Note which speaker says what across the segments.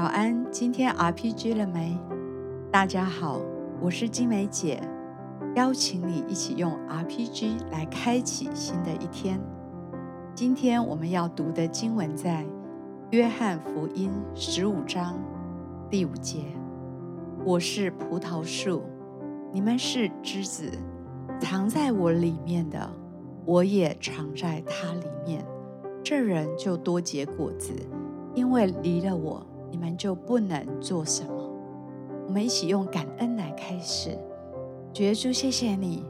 Speaker 1: 早安，今天 RPG 了沒？大家好，我是晶玫姐，邀請你一起用 RPG 來開啟新的一天。今天我們要讀的經文在《約翰福音》十五章第五節：“我是葡萄樹，你們是枝子。常在我裡面的，我也常在他裡面。這人就多結果子，因為離了我。”你們就不能做什麼。我們一起用感恩來開始。主耶穌，謝謝你，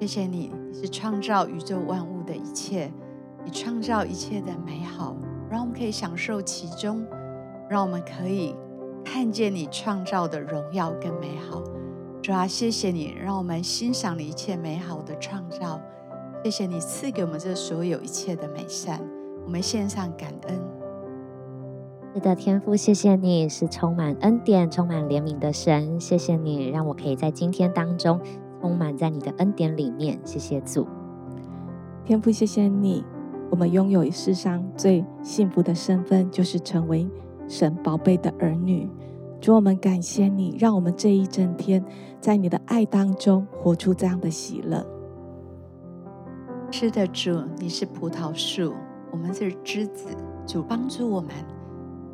Speaker 1: 謝謝你，你是創造宇宙萬物的一切，你創造一切的美好，讓我們可以享受其中，讓我們可以看見你創造的榮耀跟美好。主啊，謝謝你，讓我們欣賞你一切美好的創造。謝謝你賜給我們這所有一切的美善，我們獻上感恩。
Speaker 2: 是的，天父，謝謝你是充滿恩典、充滿憐憫的神，謝謝你讓我可以在今天當中充滿在你的恩典裡面。謝謝主，天父，謝謝你，我們擁有世上最幸福
Speaker 3: 的身份，就是成為神寶貝的兒女。主，我們感謝你，讓我們這一整天在你的愛當中活出這樣的喜樂。
Speaker 1: 是的，主，你是葡萄樹，我們是枝子，主幫助我們。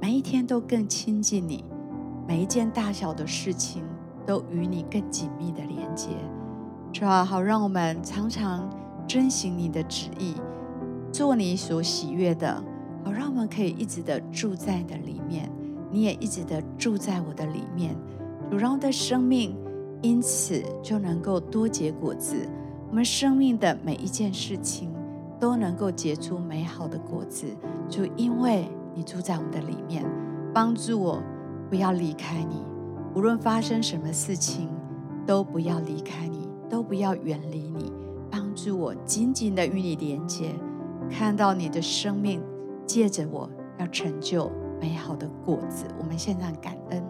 Speaker 1: 每一天都更親近你，每一件大小的事情都與你更緊密的連接，是吧？好，讓我們常常遵行你的旨意，做你所喜悅的，好讓我們可以一直的住在你的裡面，你也一直的住在我的裡面，主讓我的生命因此就能夠多結果子，我們生命的每一件事情都能夠結出美好的果子，就因為。你住在我們的裡面，幫助我不要離開你。無論發生什麼事情，都不要離開你，都不要遠離你。幫助我緊緊的與你連接，看到你的生命借着我要成就美好的果子。我們現在感恩，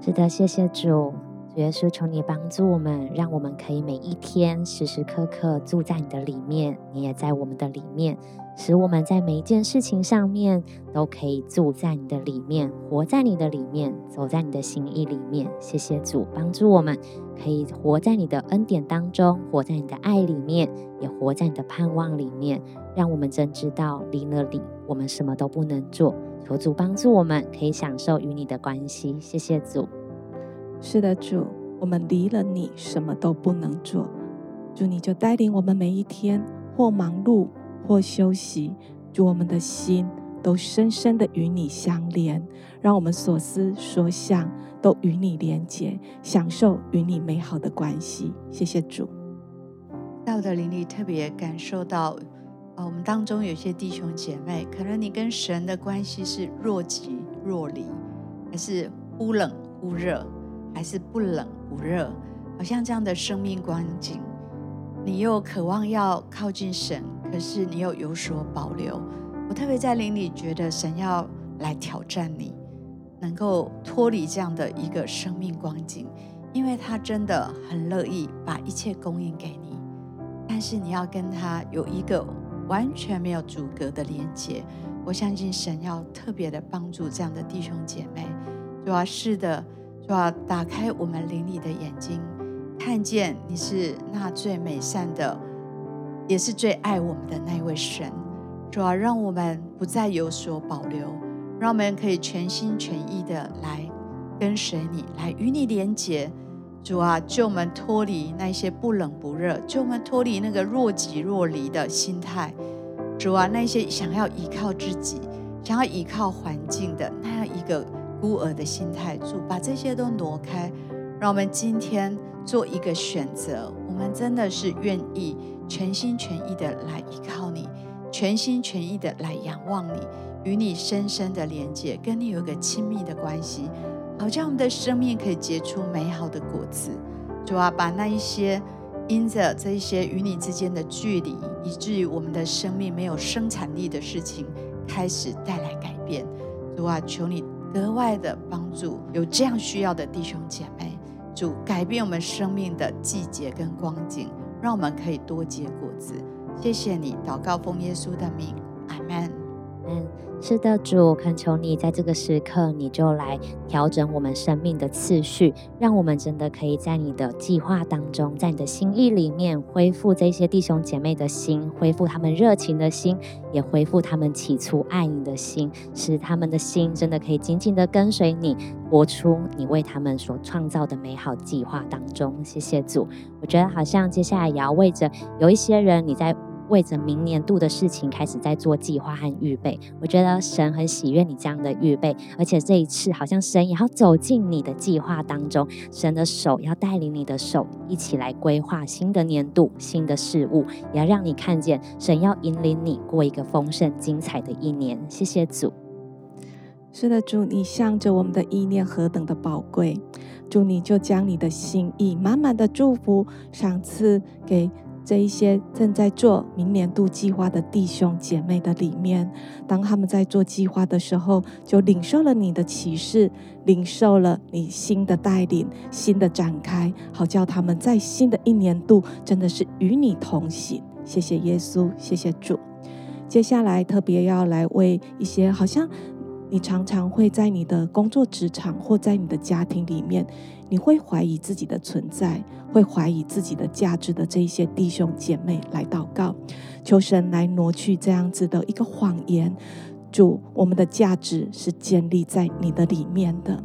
Speaker 2: 值得謝謝主。耶穌，求你幫助我們，讓我們可以每一天、時時刻刻住在你的裡面，你也在我們的裡面，使我們在每一件事情上面都可以住在你的裡面，活在你的裡面，走在你的心意裡面。謝謝主，幫助我們可以活在你的恩典當中，活在你的愛裡面，也活在你的盼望裡面。讓我們真知道，離了你，我們什麼都不能做。求主幫助我們，可以享受與你的關係。謝謝主。是的，主，我們離了你什麼都不能做。主，你
Speaker 3: 就帶領我們每一天，或忙碌或休息，主，我們的心都深深的與你相連，讓我們所思所想都與你連接，享受與你美好的關係。謝謝主。
Speaker 1: 在我的靈裡特別感受到，啊、哦，我們當中有些弟兄姐妹，可能你跟神的關係是若即若離，還是忽冷忽熱。還是不冷不熱，好像這樣的生命光景，你又渴望要靠近神，可是你又有所保留。我特別在靈裡覺得神要來挑戰你，能夠脫離這樣的一個生命光景，因為他真的很樂意把一切供應給你，但是你要跟他有一個完全沒有阻隔的連接，我相信神要特別的幫助這樣的弟兄姐妹。主啊，是的。主啊，打開我們靈裡的眼睛，看見你是那最美善的，也是最愛我們的那一位神。主啊，讓我們不再有所保留，讓我們可以全心全意的來跟隨你，來與你連結。主啊，救我們脫離那些不冷不熱，救我們脫離那個若即若離的心態。主啊，那些想要依靠自己、想要依靠環境的那樣一個。孤兒的心態，主，把這些都挪開，讓我們今天做一個選擇。我們真的是願意全心全意的來依靠你，全心全意的來仰望你，與你深深的連接，跟你有一個親密的關係，好叫我們的生命可以結出美好的果子。主啊，把那一些因着這一些與你之間的距離，以至於我們的生命沒有生產力的事情，開始帶來改變。主啊，求你。格外的幫助有這樣需要的弟兄姐妹，主改變我們生命的季節跟光景，讓我們可以多結果子。謝謝你，禱告奉耶穌的名，阿門。
Speaker 2: 是的，主，懇求你，在這個時刻，你就來調整我們生命的次序，讓我們真的可以在你的計劃當中，在你的心意裡面，恢復這些弟兄姐妹的心，恢復他們熱情的心，也恢復他們起初愛你的心，使他們的心真的可以緊緊的跟隨你，活出你為他們所創造的美好計劃當中。謝謝主，我覺得好像接下來也要為着有一些人，你在。為着明年度的事情開始在做計劃和預備，我覺得神很喜悅你這樣的預備，而且這一次好像神也要走進你的計劃當中，神的手要帶領你的手一起來規劃新的年度、新的事物，也要讓你看見神要引領你過一個豐盛、精彩的一年。謝謝主。
Speaker 3: 是的，主，你向着我們的意念何等的寶貴，主，你就將你的心意滿滿的祝福賞賜給。這一些正在做明年度計劃的弟兄姐妹的裡面，當他們在做計劃的時候，就領受了你的啟示，領受了你新的帶領、新的展開，好叫他們在新的一年度真的是與你同行。謝謝耶穌，謝謝主。接下來特別要來為一些好像。你常常會在你的工作職場或在你的家庭裡面，你會懷疑自己的存在，會懷疑自己的價值的。這一些弟兄姐妹來禱告，求神來挪去這樣子的一個謊言。主，我們的價值是建立在你的裡面的。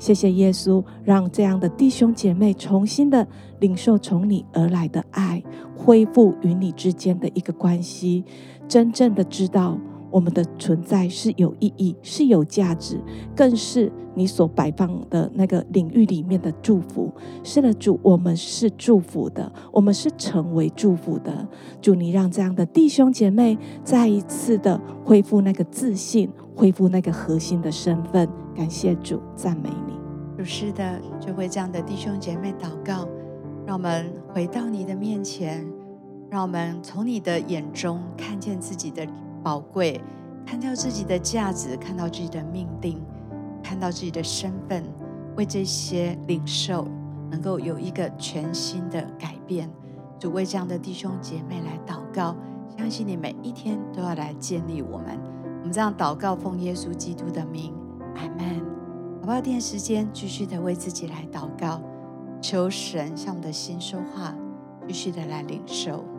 Speaker 3: 謝謝耶穌，讓這樣的弟兄姐妹重新的領受從你而來的愛，恢復與你之間的一個關係，真正的知道，我們的存在是有意義、是有價值，更是你所擺放的那個領域裡面的祝福。是的，主，我們是祝福的，我們是成為祝福的。主，你讓這樣的弟兄姐妹再一次的恢復那個自信，恢復那個核心的身份。感謝主，讚美你。
Speaker 1: 主，是的，就為這樣的弟兄姐妹禱告，讓我們回到你的面前，讓我們從你的眼中看見自己的寶貴，看到自己的價值，看到自己的命定，看到自己的身份，為這些領受能夠有一個全新的改變，就為這樣的弟兄姐妹來禱告。相信你每一天都要來建立我們。我們這樣禱告，奉耶穌基督的名，阿門。好不好？定時間繼續的為自己來禱告，求神向我們的心說話，繼續的來領受。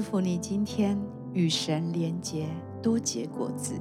Speaker 1: 祝福你今天與神連結，多結果子。